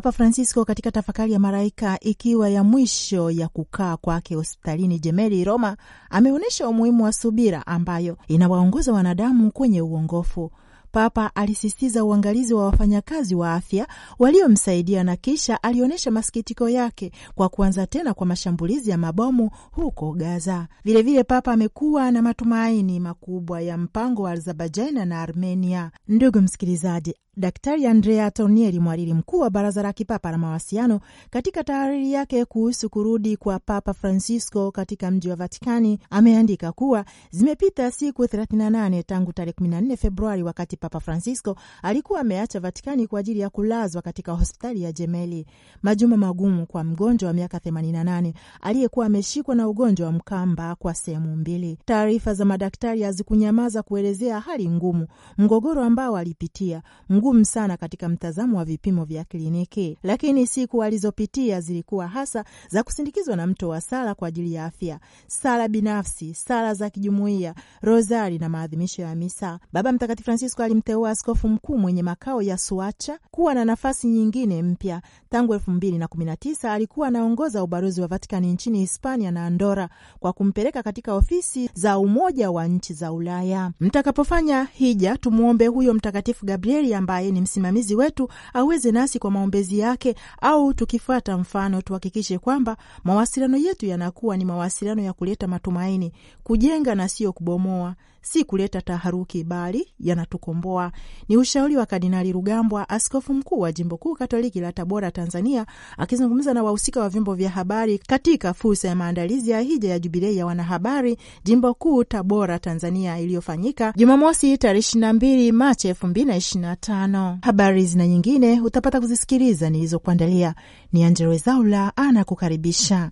Papa Francisco katika tafakari ya maraika ikiwa ya mwisho ya kukaa kwake hospitalini jemeli Roma, ameonyesha umuhimu wa subira ambayo inawaongoza wanadamu kwenye uongofu Papa alisisitiza uangalizi wa wafanyakazi wa afya waliomsaidia na kisha alionyesha masikitiko yake kwa kuanza tena kwa mashambulizi ya mabomu huko Gaza. Vilevile vile Papa amekuwa na matumaini makubwa ya mpango wa Azerbaijani na Armenia. Ndugu msikilizaji, Daktari Andrea tonieli mwariri mkuu wa Baraza la Kipapa la Mawasiliano, katika tahariri yake kuhusu kurudi kwa Papa Francisco katika mji wa Vatikani ameandika kuwa zimepita siku 38 tangu tarehe 14 Februari wakati Papa Francisco alikuwa ameacha Vatikani kwa ajili ya kulazwa katika hospitali ya Jemeli, majuma magumu kwa mgonjwa wa miaka 88 aliyekuwa ameshikwa na ugonjwa wa mkamba kwa sehemu mbili. Taarifa za madaktari hazikunyamaza kuelezea hali ngumu, mgogoro ambao alipitia mgumu sana katika mtazamo wa vipimo vya kliniki, lakini siku alizopitia zilikuwa hasa za kusindikizwa na mto wa sala kwa ajili ya afya, sala binafsi, sala za kijumuiya, rozari na maadhimisho ya misa. Baba Mtakatifu Francisco alimteua askofu mkuu mwenye makao ya Suacha kuwa na nafasi nyingine mpya. Tangu elfu mbili na kumi na tisa alikuwa anaongoza ubalozi wa Vatikani nchini Hispania na Andora kwa kumpeleka katika ofisi za Umoja wa Nchi za Ulaya. Mtakapofanya hija, tumwombe huyo Mtakatifu Gabrieli ambaye ni msimamizi wetu aweze nasi kwa maombezi yake, au tukifuata mfano tuhakikishe kwamba mawasiliano yetu yanakuwa ni mawasiliano ya kuleta matumaini, kujenga na sio kubomoa si kuleta taharuki, bali yanatukomboa. Ni ushauri wa Kardinali Rugambwa, askofu mkuu wa jimbo kuu katoliki la Tabora, Tanzania, akizungumza na wahusika wa vyombo vya habari katika fursa ya maandalizi ya hija ya Jubilei ya wanahabari jimbo kuu Tabora, Tanzania, iliyofanyika Jumamosi tarehe 22 Machi 2025. Habari zina nyingine utapata kuzisikiliza nilizokuandalia. Ni Angella Rwezaula anakukaribisha.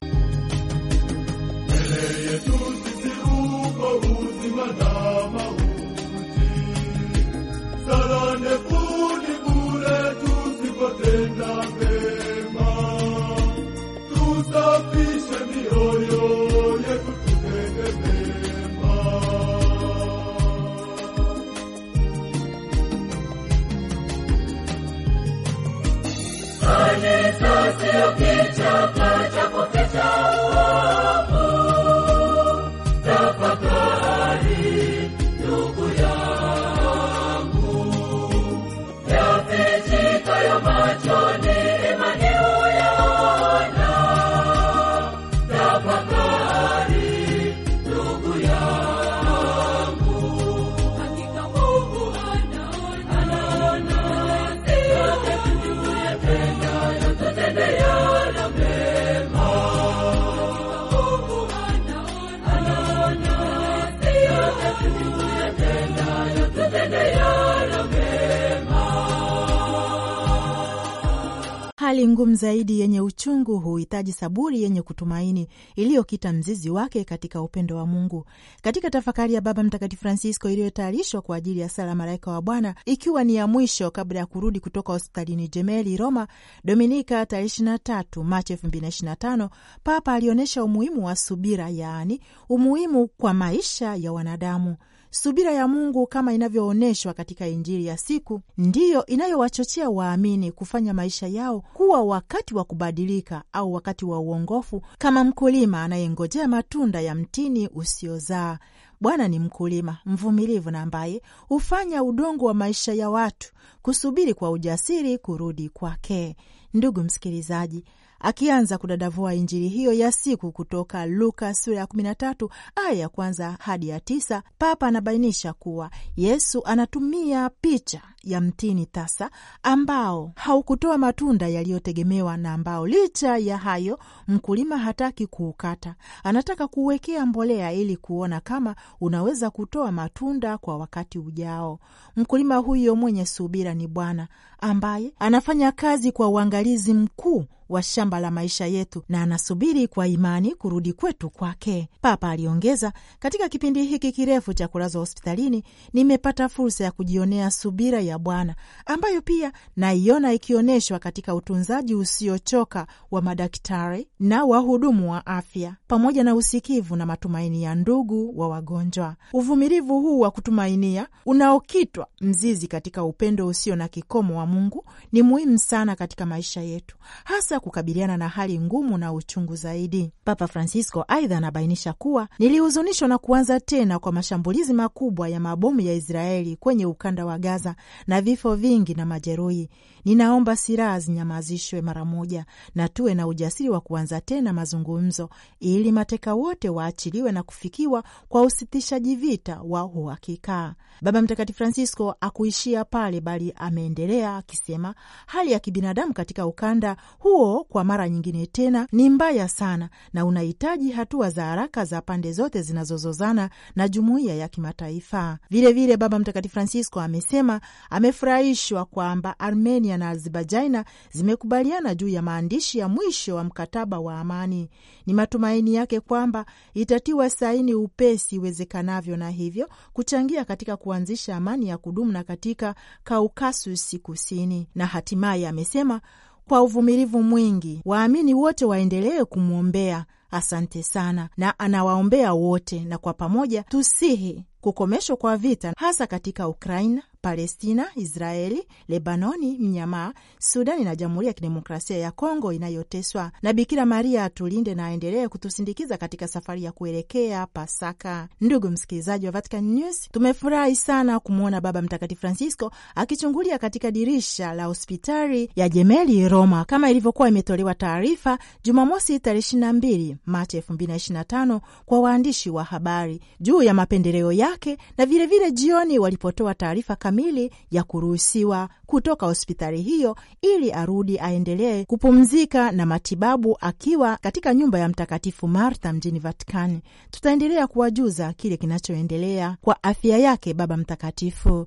hali ngumu zaidi yenye uchungu huhitaji saburi yenye kutumaini iliyokita mzizi wake katika upendo wa Mungu. Katika tafakari ya Baba Mtakatifu Francisco iliyotayarishwa kwa ajili ya sala Malaika wa Bwana, ikiwa ni ya mwisho kabla ya kurudi kutoka hospitalini Jemeli, Roma, Dominika tarehe 23 Machi 2025, Papa alionyesha umuhimu wa subira, yaani umuhimu kwa maisha ya wanadamu. Subira ya Mungu kama inavyoonyeshwa katika Injili ya siku ndiyo inayowachochea waamini kufanya maisha yao kuwa wakati wa kubadilika au wakati wa uongofu, kama mkulima anayengojea matunda ya mtini usiozaa. Bwana ni mkulima mvumilivu na ambaye hufanya udongo wa maisha ya watu kusubiri kwa ujasiri kurudi kwake. Ndugu msikilizaji, akianza kudadavua Injili hiyo ya siku kutoka Luka sura ya 13 aya ya kwanza hadi ya tisa, Papa anabainisha kuwa Yesu anatumia picha ya mtini tasa ambao haukutoa matunda yaliyotegemewa na ambao licha ya hayo mkulima hataki kuukata. Anataka kuuwekea mbolea ili kuona kama unaweza kutoa matunda kwa wakati ujao. Mkulima huyo mwenye subira ni Bwana ambaye anafanya kazi kwa uangalizi mkuu wa shamba la maisha yetu na anasubiri kwa imani kurudi kwetu kwake. Papa aliongeza, katika kipindi hiki kirefu cha kulazwa hospitalini nimepata fursa ya kujionea subira ya Bwana ambayo pia naiona ikionyeshwa katika utunzaji usiochoka wa madaktari na wahudumu wa afya, pamoja na usikivu na matumaini ya ndugu wa wagonjwa. Uvumilivu huu wa kutumainia unaokitwa mzizi katika upendo usio na kikomo wa Mungu ni muhimu sana katika maisha yetu, hasa kukabiliana na hali ngumu na uchungu zaidi. Papa Francisco aidha anabainisha kuwa nilihuzunishwa na kuanza tena kwa mashambulizi makubwa ya mabomu ya Israeli kwenye ukanda wa Gaza na vifo vingi na majeruhi. Ninaomba silaha zinyamazishwe mara moja na tuwe na ujasiri wa kuanza tena mazungumzo ili mateka wote waachiliwe na kufikiwa kwa usitishaji vita wa uhakika. Baba Mtakatifu Francisco akuishia pale, bali ameendelea akisema, hali ya kibinadamu katika ukanda huo kwa mara nyingine tena ni mbaya sana na unahitaji hatua za haraka za pande zote zinazozozana na jumuiya ya kimataifa. Vilevile Baba Mtakatifu Francisco amesema amefurahishwa kwamba Armenia Armenia na Azerbaijaina zimekubaliana juu ya maandishi ya mwisho wa mkataba wa amani. Ni matumaini yake kwamba itatiwa saini upesi iwezekanavyo, na hivyo kuchangia katika kuanzisha amani ya kudumu na katika Kaukasus Kusini. Na hatimaye amesema kwa uvumilivu mwingi, waamini wote waendelee kumwombea. Asante sana, na anawaombea wote, na kwa pamoja tusihi kukomeshwa kwa vita hasa katika Ukraina, Palestina, Israeli, Lebanoni, Mnyamaa, Sudani na Jamhuri ya Kidemokrasia ya Kongo inayoteswa. Na Bikira Maria atulinde na aendelee kutusindikiza katika safari ya kuelekea Pasaka. Ndugu msikilizaji wa Vatican News, tumefurahi sana kumwona Baba Mtakatifu Francisco akichungulia katika dirisha la hospitali ya Jemeli Roma, kama ilivyokuwa imetolewa taarifa Jumamosi tarehe 22 Machi 2025 kwa waandishi wa habari juu ya mapendeleo yake na vilevile vile jioni walipotoa taarifa kamili ya kuruhusiwa kutoka hospitali hiyo ili arudi aendelee kupumzika na matibabu akiwa katika nyumba ya Mtakatifu Martha mjini Vatikani. Tutaendelea kuwajuza kile kinachoendelea kwa afya yake Baba Mtakatifu.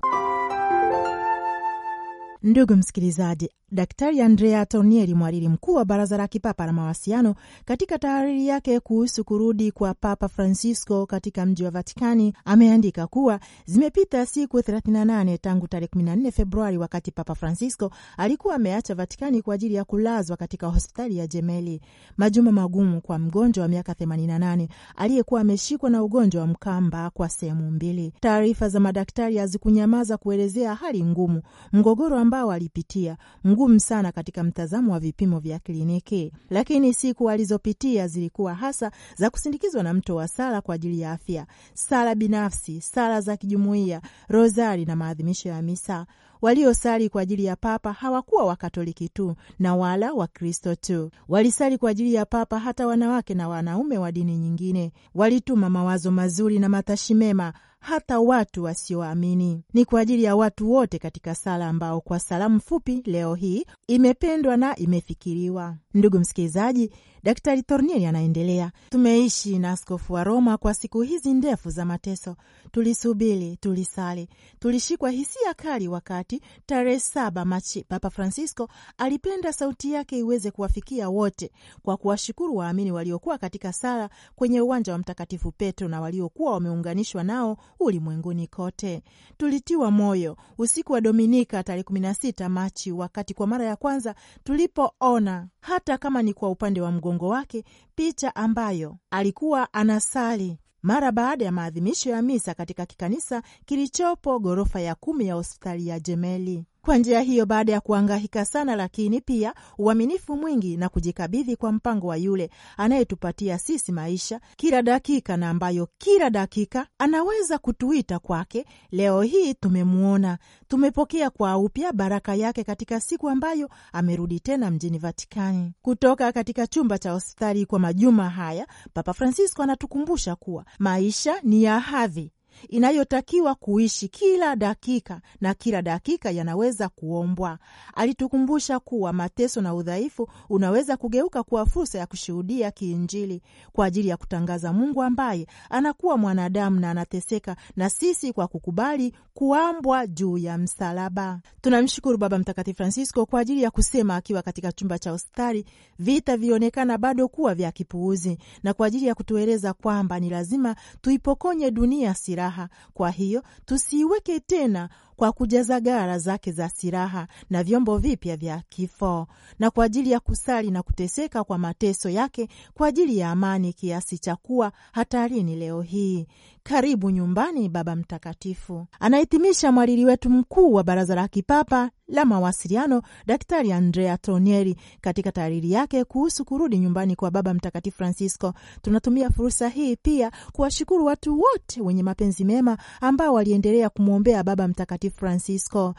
Ndugu msikilizaji, Daktari Andrea Tornielli, mwaliri mkuu wa Baraza la Kipapa la Mawasiliano, katika tahariri yake kuhusu kurudi kwa Papa Francisco katika mji wa Vatikani ameandika kuwa zimepita siku 38 tangu tarehe 14 Februari, wakati Papa Francisco alikuwa ameacha Vatikani kwa ajili ya kulazwa katika hospitali ya Jemeli. Majuma magumu kwa mgonjwa wa miaka 88 aliyekuwa ameshikwa na ugonjwa wa mkamba kwa sehemu mbili. Taarifa za madaktari hazikunyamaza kuelezea hali ngumu, mgogoro ambao alipitia ngumu sana katika mtazamo wa vipimo vya kliniki, lakini siku alizopitia zilikuwa hasa za kusindikizwa na mto wa sala kwa ajili ya afya, sala binafsi, sala za kijumuiya, rozari na maadhimisho ya misa. Waliosali kwa ajili ya Papa hawakuwa Wakatoliki tu na wala Wakristo tu. Walisali kwa ajili ya Papa hata wanawake na wanaume wa dini nyingine. Walituma mawazo mazuri na matashi mema hata watu wasioamini. Ni kwa ajili ya watu wote katika sala ambao kwa salamu fupi leo hii imependwa na imefikiriwa. Ndugu msikilizaji, Daktari Tornieli anaendelea: tumeishi na askofu wa Roma kwa siku hizi ndefu za mateso, tulisubiri, tulisali, tulishikwa hisia kali wakati tarehe saba Machi Papa Francisco alipenda sauti yake iweze kuwafikia wote kwa kuwashukuru waamini waliokuwa katika sala kwenye uwanja wa Mtakatifu Petro na waliokuwa wameunganishwa nao ulimwenguni kote. Tulitiwa moyo usiku wa Dominika tarehe 16 Machi, wakati kwa mara ya kwanza tulipoona hata hata kama ni kwa upande wa mgongo wake, picha ambayo alikuwa anasali mara baada ya maadhimisho ya misa katika kikanisa kilichopo ghorofa ya kumi ya hospitali ya Jemeli. Kwa njia hiyo, baada ya kuangahika sana, lakini pia uaminifu mwingi na kujikabidhi kwa mpango wa yule anayetupatia sisi maisha kila dakika, na ambayo kila dakika anaweza kutuita kwake, leo hii tumemwona, tumepokea kwa upya baraka yake katika siku ambayo amerudi tena mjini Vatikani kutoka katika chumba cha hospitali. Kwa majuma haya, Papa Francisco anatukumbusha kuwa maisha ni ya hadhi inayotakiwa kuishi kila dakika na kila dakika yanaweza kuombwa. Alitukumbusha kuwa mateso na udhaifu unaweza kugeuka kuwa fursa ya kushuhudia kiinjili kwa ajili ya kutangaza Mungu ambaye anakuwa mwanadamu na anateseka na sisi kwa kukubali kuambwa juu ya msalaba. Tunamshukuru Baba Mtakatifu Francisco kwa ajili ya kusema akiwa katika chumba cha hospitali, vita vilionekana bado kuwa vya kipuuzi, na kwa ajili ya kutueleza kwamba ni lazima tuipokonye dunia silaha silaha. Kwa hiyo tusiiweke tena kwa kujaza gara zake za silaha na vyombo vipya vya kifo, na kwa ajili ya kusali na kuteseka kwa mateso yake kwa ajili ya amani, kiasi cha kuwa hatarini leo hii. Karibu nyumbani, Baba Mtakatifu, anahitimisha mwalili wetu mkuu wa Baraza la Kipapa la Mawasiliano, Daktari Andrea Tronieri, katika tahariri yake kuhusu kurudi nyumbani kwa Baba Mtakatifu Francisco. Tunatumia fursa hii pia kuwashukuru watu wote wenye mapenzi mema ambao waliendelea kumwombea Baba Mtakatifu Francisco.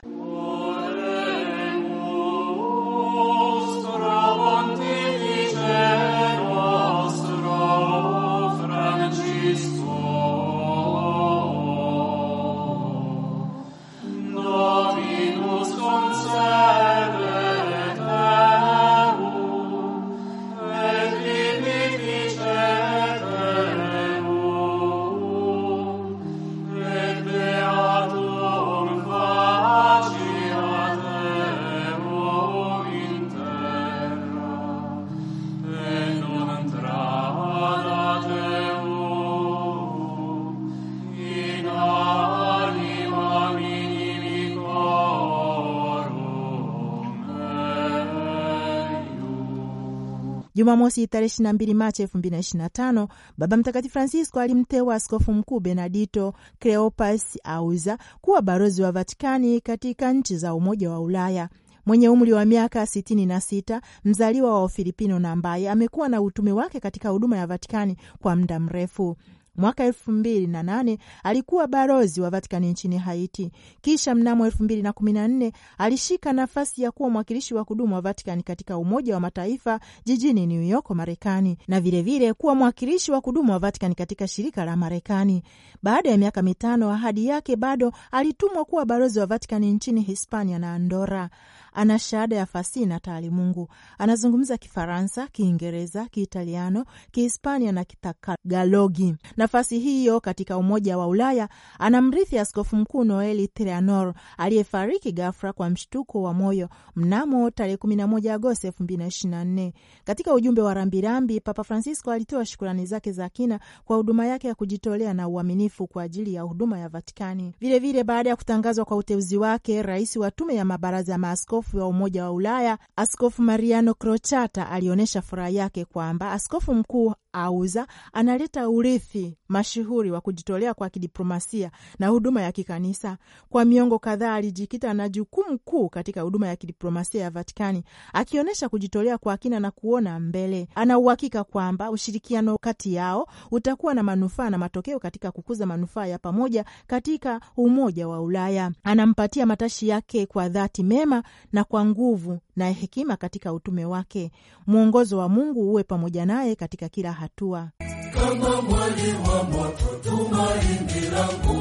Jumamosi tarehe 22 Machi 2025 Baba Mtakatifu Francisco alimteua askofu mkuu Benedito Cleopas Auza kuwa balozi wa Vatikani katika nchi za Umoja wa Ulaya mwenye umri wa miaka sitini na sita mzaliwa wa Ufilipino na ambaye amekuwa na utume wake katika huduma ya Vatikani kwa muda mrefu. Mwaka elfu mbili na nane alikuwa balozi wa Vatikani nchini Haiti. Kisha mnamo elfu mbili na kumi na nne alishika nafasi ya kuwa mwakilishi wa kudumu wa Vatikani katika Umoja wa Mataifa jijini New York, Marekani, na vilevile vile kuwa mwakilishi wa kudumu wa Vatikani katika shirika la Marekani. Baada ya miaka mitano, ahadi yake bado alitumwa kuwa balozi wa Vatikani nchini Hispania na Andora. Ana shahada ya fasihi na taalimungu. Anazungumza Kifaransa, Kiingereza, Kiitaliano, Kihispania na Kitagalogi. Nafasi hiyo katika Umoja wa Ulaya anamrithi Askofu Mkuu Noeli trianor aliyefariki ghafla kwa mshtuko wa moyo mnamo tarehe 11 Agosti 2024. Katika ujumbe wa rambirambi, Papa Francisco alitoa shukurani zake za kina kwa huduma yake ya kujitolea na uaminifu kwa ajili ya huduma ya Vatikani. Vilevile, baada ya kutangazwa kwa uteuzi wake, rais wa tume ya mabaraza ya maaskofu maaskofu wa Umoja wa Ulaya, Askofu Mariano crochata alionyesha furaha yake kwamba askofu mkuu auza analeta urithi mashuhuri wa kujitolea kwa kidiplomasia na huduma ya kikanisa. Kwa miongo kadhaa alijikita na jukumu kuu katika huduma ya kidiplomasia ya Vatikani, akionyesha kujitolea kwa kina na kuona mbele. Ana uhakika kwamba ushirikiano kati yao utakuwa na manufaa na matokeo katika kukuza manufaa ya pamoja katika umoja wa Ulaya. Anampatia matashi yake kwa dhati mema na kwa nguvu na hekima katika utume wake. Mwongozo wa Mungu uwe pamoja naye katika kila hatua kama mwali wa moto tumaini langu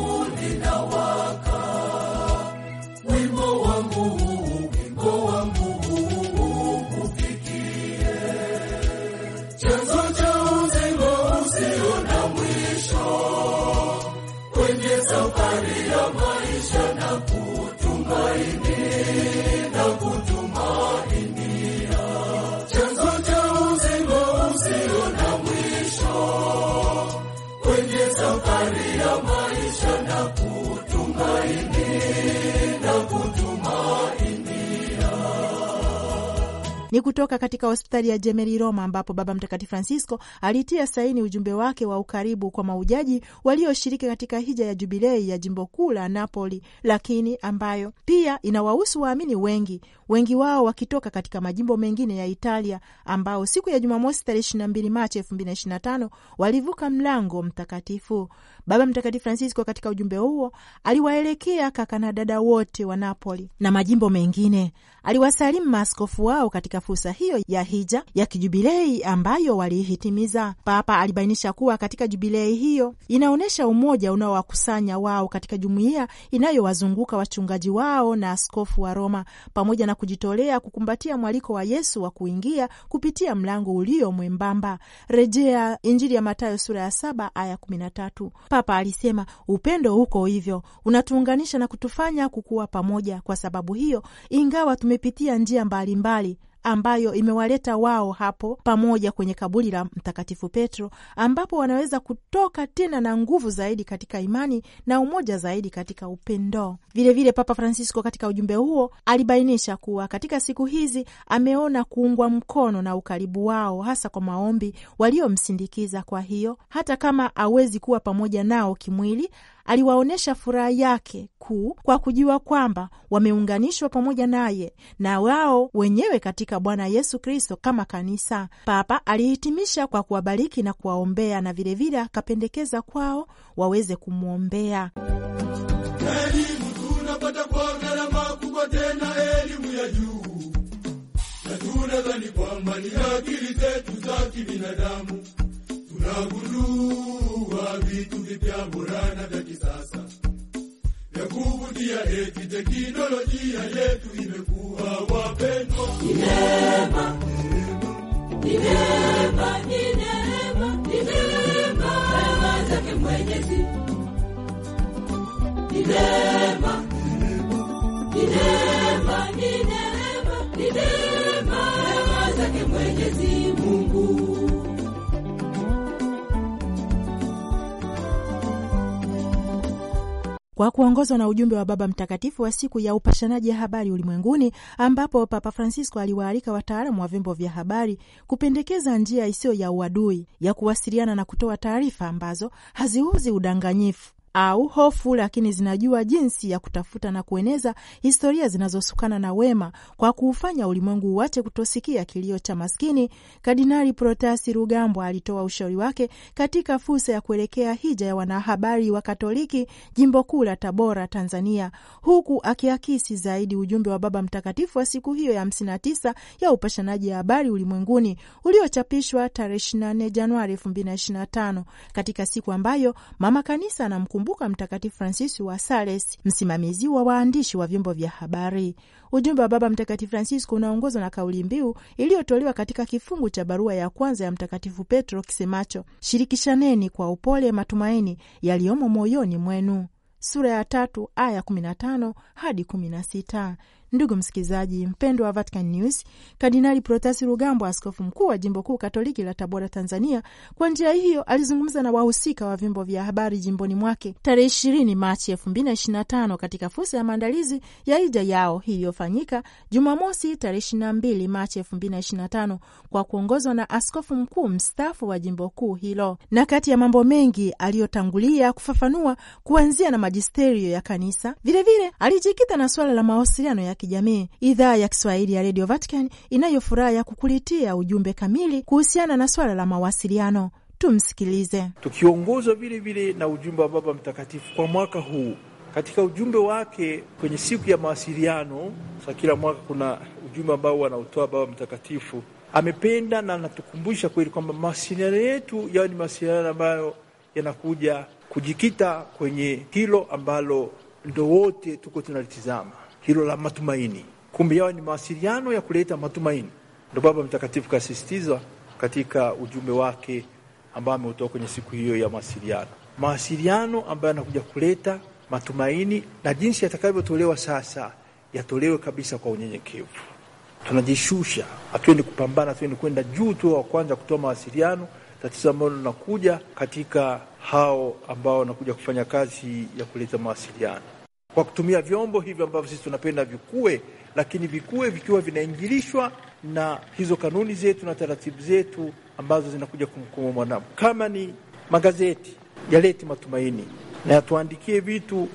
ni kutoka katika hospitali ya Jemeli Roma, ambapo Baba Mtakatifu Francisco alitia saini ujumbe wake wa ukaribu kwa maujaji walioshiriki katika hija ya Jubilei ya jimbo kuu la Napoli, lakini ambayo pia inawahusu waamini wengi, wengi wao wakitoka katika majimbo mengine ya Italia, ambao siku ya Jumamosi tarehe 22 Machi 2025 walivuka mlango mtakatifu. Baba Mtakatifu Francisco katika ujumbe huo aliwaelekea kaka na dada wote wa Napoli na majimbo mengine aliwasalimu maaskofu wao katika fursa hiyo ya hija ya kijubilei ambayo waliihitimiza. Papa alibainisha kuwa katika jubilei hiyo inaonyesha umoja unaowakusanya wao katika jumuiya inayowazunguka wachungaji wao na askofu wa Roma, pamoja na kujitolea kukumbatia mwaliko wa Yesu wa kuingia kupitia mlango ulio mwembamba, rejea Injili ya Mathayo sura ya saba aya kumi na tatu. Papa alisema upendo huko hivyo unatuunganisha na kutufanya kukuwa pamoja. Kwa sababu hiyo, ingawa tume wamepitia njia mbalimbali mbali ambayo imewaleta wao hapo pamoja kwenye kaburi la Mtakatifu Petro, ambapo wanaweza kutoka tena na nguvu zaidi katika imani na umoja zaidi katika upendo. Vilevile vile Papa Francisco katika ujumbe huo alibainisha kuwa katika siku hizi ameona kuungwa mkono na ukaribu wao, hasa kwa maombi waliomsindikiza. Kwa hiyo hata kama hawezi kuwa pamoja nao kimwili aliwaonyesha furaha yake kuu kwa kujua kwamba wameunganishwa pamoja naye na wao wenyewe katika Bwana Yesu Kristo kama kanisa. Papa alihitimisha kwa kuwabariki na kuwaombea na vilevile akapendekeza kwao waweze kumwombea. Elimu tunapata kwa gharama kubwa, tena elimu ya juu, na tunadhani kwamba ni akili zetu za kibinadamu tunagundua kutoa vitu vipya burana vya kisasa vya kuvutia. Eti teknolojia yetu imekuwa wapendwa, ni neema, ni neema, ni neema, ni neema, neema zake Mwenyezi, ni neema, ni neema, ni neema, ni neema, neema zake Mwenyezi. kwa kuongozwa na ujumbe wa Baba Mtakatifu wa siku ya upashanaji habari ulimwenguni, ambapo Papa Francisco aliwaalika wataalamu wa vyombo vya habari kupendekeza njia isiyo ya uadui ya kuwasiliana na kutoa taarifa ambazo haziuzi udanganyifu au hofu, lakini zinajua jinsi ya kutafuta na kueneza historia zinazosukana na wema kwa kuufanya ulimwengu uache kutosikia kilio cha maskini. Kardinali Protasi Rugambwa alitoa ushauri wake katika fursa ya kuelekea hija ya wanahabari wa Katoliki jimbo kuu la Tabora, Tanzania, huku akiakisi zaidi ujumbe wa Baba Mtakatifu wa siku hiyo ya 59 ya upashanaji habari ulimwenguni uliochapishwa tarehe 24 Januari 2025 katika siku ambayo Mama Kanisa na mkuu kumkumbuka Mtakatifu Fransisi wa Sales, msimamizi wa waandishi wa vyombo vya habari. Ujumbe wa Baba Mtakatifu Francisco unaongozwa na kauli mbiu iliyotolewa katika kifungu cha barua ya kwanza ya Mtakatifu Petro kisemacho, shirikishaneni kwa upole matumaini yaliyomo moyoni mwenu, sura ya tatu aya tano hadi sita. Ndugu msikilizaji mpendwa wa Vatican News, Kardinali Protasi Rugambwa, askofu mkuu wa jimbo kuu katoliki la Tabora, Tanzania, kwa njia hiyo alizungumza na wahusika wa vyombo vya habari jimboni mwake tarehe ishirini Machi elfu mbili na ishirini na tano katika fursa ya maandalizi ya hija yao iliyofanyika Jumamosi tarehe ishirini na mbili Machi elfu mbili na ishirini na tano kwa kuongozwa na askofu mkuu mstaafu wa jimbo kuu hilo, na kati ya mambo mengi aliyotangulia kufafanua kuanzia na majisterio ya kanisa, vilevile alijikita na suala la mawasiliano ya kijamii, idhaa ya Kiswahili ya redio Vatican inayo furaha ya kukulitia ujumbe kamili kuhusiana na swala la mawasiliano. Tumsikilize. Tukiongozwa vilevile na ujumbe wa Baba Mtakatifu kwa mwaka huu katika ujumbe wake kwenye siku ya mawasiliano. Sa kila mwaka kuna ujumbe ambao wanautoa Baba Mtakatifu, amependa na anatukumbusha kweli kwamba mawasiliano yetu yao ni mawasiliano ambayo yanakuja kujikita kwenye hilo ambalo ndo wote tuko tunalitizama hilo la matumaini. Kumbe yao ni mawasiliano ya kuleta matumaini. Ndo Baba Mtakatifu kasisitiza katika ujumbe wake ambao ameutoa kwenye siku hiyo ya mawasiliano, mawasiliano ambayo yanakuja kuleta matumaini na jinsi yatakavyotolewa sasa, yatolewe kabisa kwa unyenyekevu. Tunajishusha, hatuendi kupambana, hatuendi kwenda juu tu wa kwanza kutoa mawasiliano. Tatizo ambalo linakuja katika hao ambao wanakuja kufanya kazi ya kuleta mawasiliano kwa kutumia vyombo hivyo ambavyo sisi tunapenda vikue, lakini vikue vikiwa vinaingilishwa na hizo kanuni zetu na taratibu zetu ambazo zinakuja kumkumu mwanadamu. Kama ni magazeti yaleti matumaini na yatuandikie vitu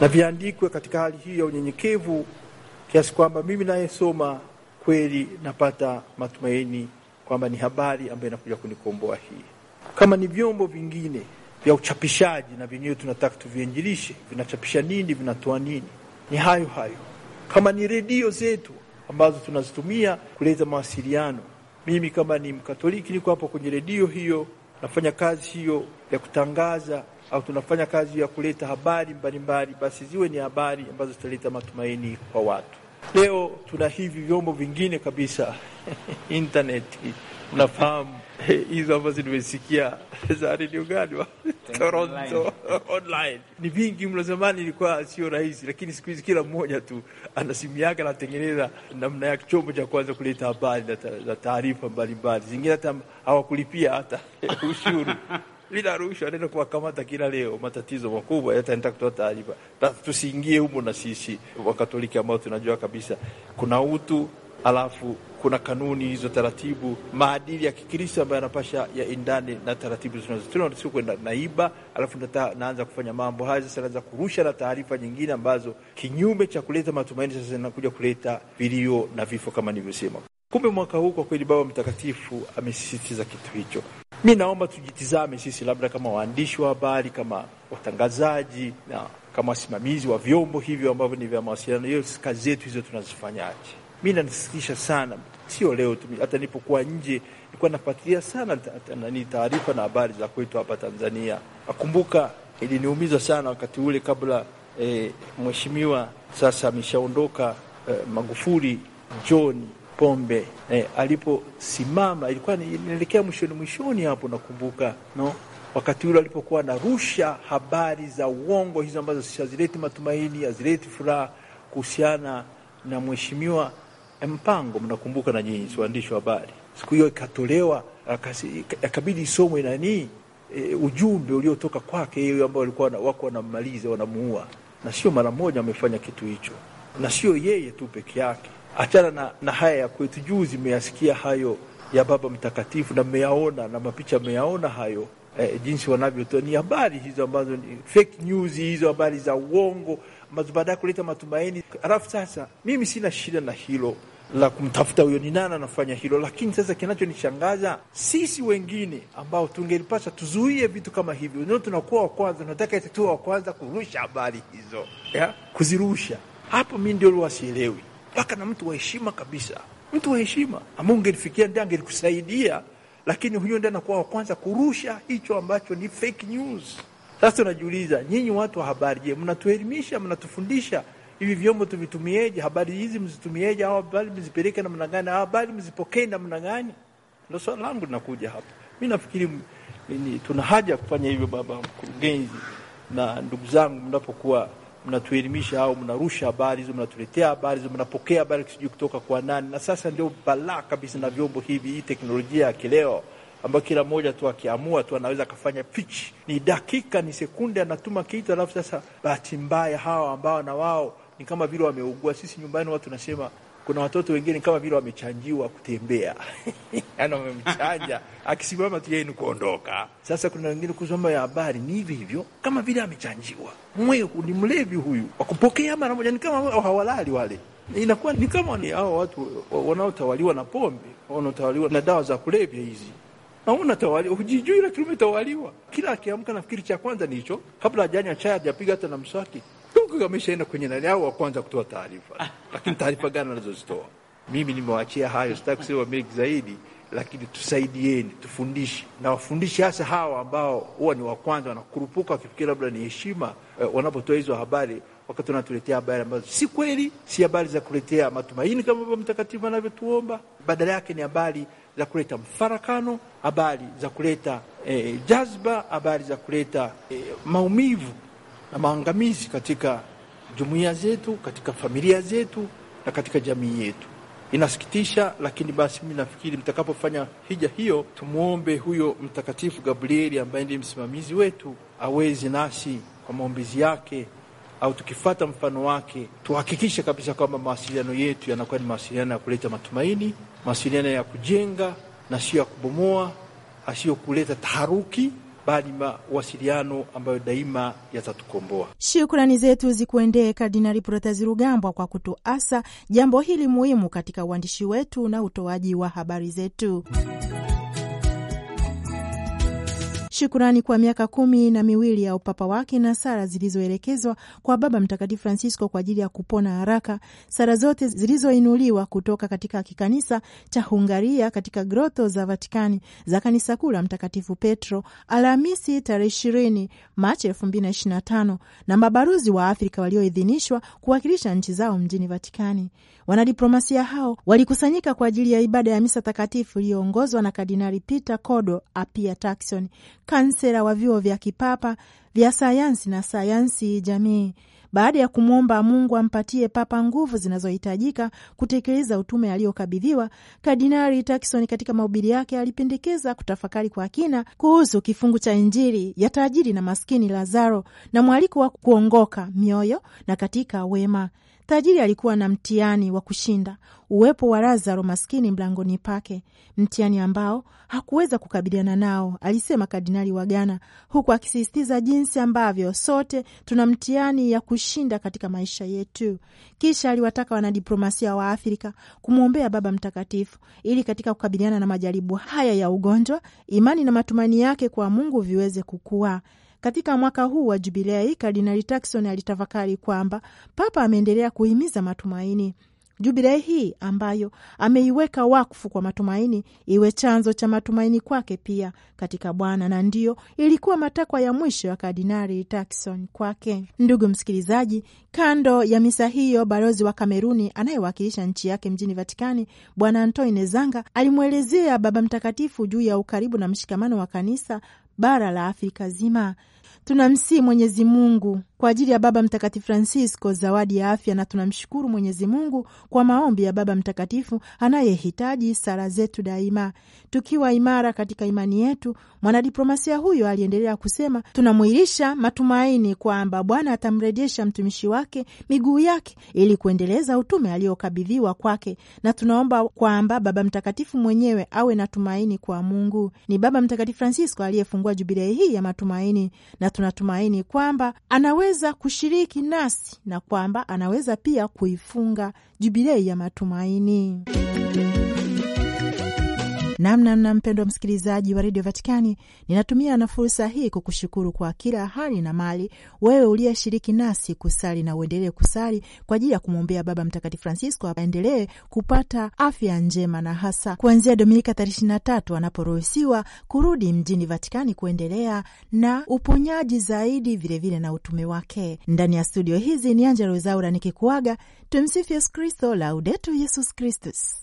na viandikwe katika hali hiyo ya unyenyekevu, kiasi kwamba mimi nayesoma kweli napata matumaini kwamba ni habari ambayo inakuja kunikomboa hii. Kama ni vyombo vingine vya uchapishaji na vyenyewe tunataka tuvienjilishe, vinachapisha nini, vinatoa nini? Ni hayo hayo, kama ni redio zetu ambazo tunazitumia kuleta mawasiliano. Mimi kama ni Mkatoliki niko hapa kwenye redio hiyo, nafanya kazi hiyo ya kutangaza au tunafanya kazi ya kuleta habari mbalimbali, basi ziwe ni habari ambazo zitaleta matumaini kwa watu. Leo tuna hivi vyombo vingine kabisa intaneti, mnafahamu hizo ambazo nimesikia za redio gani Toronto online ni vingi mlo. Zamani ilikuwa sio rahisi, lakini siku hizi kila mmoja tu ana simu yake, anatengeneza namna ya chombo cha kwanza kuleta habari za taarifa mbalimbali, zingine hata hawakulipia hata ushuru bila rushwa, anaenda kuwakamata kila leo. Matatizo makubwa yataenda kutoa taarifa, tusiingie humo na sisi Wakatoliki ambao tunajua kabisa kuna utu alafu kuna kanuni hizo, taratibu, maadili ya Kikristo ambayo yanapasha indani na taratibu zinazotolewa, kwenda naiba, alafu nata, naanza kufanya mambo haya. Sasa naanza kurusha na taarifa nyingine ambazo kinyume cha kuleta matumaini, sasa zinakuja kuleta vilio na vifo kama nilivyosema. Kumbe mwaka huu kwa kweli Baba Mtakatifu amesisitiza kitu hicho. Mi naomba tujitizame sisi, labda kama waandishi wa habari, kama watangazaji na kama wasimamizi wa vyombo hivyo ambavyo ni vya mawasiliano, hiyo kazi zetu hizo tunazifanyaje? mi nanisikitisha sana, sio leo tu, hata nipokuwa nje nilikuwa nafuatilia sana nani taarifa na habari za kwetu hapa Tanzania. Nakumbuka iliniumiza sana wakati ule kabla e, mheshimiwa sasa ameshaondoka e, Magufuli John Pombe e, aliposimama ilikuwa nielekea mwishoni mwishoni hapo, nakumbuka no wakati ule alipokuwa anarusha habari za uongo hizo ambazo hazileti matumaini, hazileti furaha kuhusiana na mheshimiwa Eh, mpango mnakumbuka na nyinyi waandishi wa habari, siku hiyo ikatolewa, akabidi isomwe nani e, eh, ujumbe uliotoka kwake yeye ambao walikuwa wako wanamaliza wanamuua, na sio mara moja amefanya kitu hicho, na sio yeye tu peke yake. Achana na, na haya ya kwetu, juzi mmeyasikia hayo ya Baba Mtakatifu na mmeyaona na mapicha mmeyaona hayo, e, jinsi wanavyotoa ni habari hizo ambazo ni fake news, hizo habari za uongo baada ya kuleta matumaini. Alafu sasa mimi sina shida na hilo la kumtafuta huyo ni nani anafanya hilo, lakini sasa kinachonishangaza sisi wengine ambao tungelipasa tuzuie vitu kama hivyo, ndio tunakuwa wa kwanza, tunataka tu wa kwanza kurusha habari hizo ya kuzirusha. Hapo mi ndio liwasielewi, mpaka na mtu wa heshima kabisa, mtu wa heshima ambao ungelifikia ndio angelikusaidia, lakini huyo ndio anakuwa wa kwanza kurusha hicho ambacho ni fake news. Sasa unajiuliza nyinyi watu wa habari, je, mnatuelimisha mnatufundisha hivi vyombo tuvitumieje? Habari hizi mzitumieje? au habari mzipeleke namna gani? au habari mzipokee namna gani? Ndo swala langu linakuja hapa. Mi nafikiri tuna haja ya kufanya hivyo, baba mkurugenzi na ndugu zangu, mnapokuwa mnatuelimisha au mnarusha habari hizo, mnatuletea habari hizo, mnapokea habari sijui kutoka kwa nani. Na sasa ndio balaa kabisa na vyombo hivi, hii teknolojia ya kileo ambayo kila mmoja tu akiamua tu anaweza akafanya pichi, ni dakika ni sekunde, anatuma kitu. Alafu sasa bahati mbaya hawa ambao na wao ni kama vile wameugua. Sisi nyumbani watu nasema kuna watoto wengine kama vile wamechanjiwa kutembea, yani wamemchanja akisimama tu yeye ni kuondoka. Sasa kuna wengine kusoma ya habari ni hivyo hivyo, kama vile amechanjiwa, mwe ni mlevi huyu, wakupokea mara moja, ni kama hawalali wale inakuwa ni kama ni hao watu wanaotawaliwa na pombe, wanaotawaliwa na dawa za kulevya hizi. Hauna tawali, hujijui lakini umetawaliwa. Kila akiamka nafikiri cha kwanza ni hicho, kabla ajanya chai, ajapiga hata na mswaki, ameshaenda kwenye nani au wa kwanza kutoa taarifa. Ah. Lakini taarifa gani anazozitoa? Mimi nimewaachia hayo, sitaki kusema mengi zaidi, lakini tusaidieni, tufundishe na wafundishi, hasa hawa ambao huwa ni wa kwanza wanakurupuka, wakifikiri labda ni heshima eh, wanapotoa hizo habari wakati wanatuletea habari ambazo si kweli, si habari za kuletea matumaini kama Baba Mtakatifu anavyotuomba, badala yake ni habari za kuleta mfarakano, habari za kuleta e, jazba, habari za kuleta e, maumivu na maangamizi katika jumuiya zetu, katika familia zetu na katika jamii yetu. Inasikitisha, lakini basi mimi nafikiri mtakapofanya hija hiyo, tumwombe huyo Mtakatifu Gabrieli ambaye ndiye msimamizi wetu aweze nasi kwa maombezi yake au tukifata mfano wake, tuhakikishe kabisa kwamba mawasiliano yetu yanakuwa ni mawasiliano ya kuleta matumaini, mawasiliano ya kujenga na sio ya kubomoa, asiyo kuleta taharuki bali mawasiliano ambayo daima yatatukomboa. Shukrani zetu zikuendee Kardinali Protazi Rugambwa kwa kutuasa jambo hili muhimu katika uandishi wetu na utoaji wa habari zetu shukurani kwa miaka kumi na miwili ya upapa wake na sara zilizoelekezwa kwa Baba Mtakatifu Francisco kwa ajili ya kupona haraka, sara zote zilizoinuliwa kutoka katika kikanisa cha Hungaria katika groto za Vatikani za kanisa kuu la Mtakatifu Petro, Alhamisi tarehe ishirini Machi elfu mbili na ishirini na tano na mabaruzi wa Afrika walioidhinishwa kuwakilisha nchi zao mjini Vatikani. Wanadiplomasia hao walikusanyika kwa ajili ya ibada ya misa takatifu iliyoongozwa na Kardinali Peter Kodo Apia Takson kansela wa vyuo vya kipapa vya sayansi na sayansi jamii baada ya kumwomba Mungu ampatie papa nguvu zinazohitajika kutekeleza utume aliyokabidhiwa, Kardinali takison katika mahubiri yake alipendekeza kutafakari kwa kina kuhusu kifungu cha Injili ya tajiri na maskini Lazaro na mwaliko wa kuongoka mioyo na katika wema. Tajiri alikuwa na mtihani wa kushinda, uwepo wa Lazaro maskini mlangoni pake, mtihani ambao hakuweza kukabiliana nao, alisema Kardinali wa Ghana, huku akisisitiza jinsi ambavyo sote tuna mtihani ya kushinda katika maisha yetu. Kisha aliwataka wanadiplomasia wa Afrika kumwombea Baba Mtakatifu ili katika kukabiliana na majaribu haya ya ugonjwa, imani na matumaini yake kwa Mungu viweze kukua. Katika mwaka huu wa jubilei, Kardinali takson alitafakari kwamba Papa ameendelea kuhimiza matumaini. Jubilei hii ambayo ameiweka wakfu kwa matumaini iwe chanzo cha matumaini kwake pia katika Bwana, na ndiyo ilikuwa matakwa ya mwisho ya Kardinali Takson kwake. Ndugu msikilizaji, kando ya misa hiyo, balozi wa Kameruni anayewakilisha nchi yake mjini Vatikani, Bwana Antoine Zanga alimwelezea Baba Mtakatifu juu ya ukaribu na mshikamano wa kanisa bara la Afrika zima. Tunamsihi Mwenyezi Mungu kwa ajili ya Baba Mtakatifu Francisco, zawadi ya afya, na tunamshukuru Mwenyezi Mungu kwa maombi ya Baba Mtakatifu anayehitaji sala zetu daima. Tukiwa imara katika imani yetu, mwanadiplomasia huyo aliendelea kusema, tunamwilisha matumaini kwamba Bwana atamrejesha mtumishi wake miguu yake ili kuendeleza utume aliokabidhiwa kwake, na tunaomba kwamba Baba Mtakatifu mwenyewe awe na tumaini kwa Mungu. Ni Baba Mtakatifu Francisco aliyefungua jubilei hii ya matumaini, na tunatumaini kwamba anawe anaweza kushiriki nasi na kwamba anaweza pia kuifunga Jubilei ya matumaini Namnamna mpendwa msikilizaji wa redio Vatikani, ninatumia na fursa hii kukushukuru kwa kila hali na mali, wewe uliyeshiriki nasi kusali, na uendelee kusali kwa ajili ya kumwombea Baba Mtakatifu Francisco aendelee kupata afya njema, na hasa kuanzia Dominika tarehe tatu anaporuhusiwa kurudi mjini Vatikani kuendelea na uponyaji zaidi, vilevile vile na utume wake. Ndani ya studio hizi ni Angela Rwezaura nikikuaga. Tumsifu Yesu Kristo, Laudetu Yesus Kristus.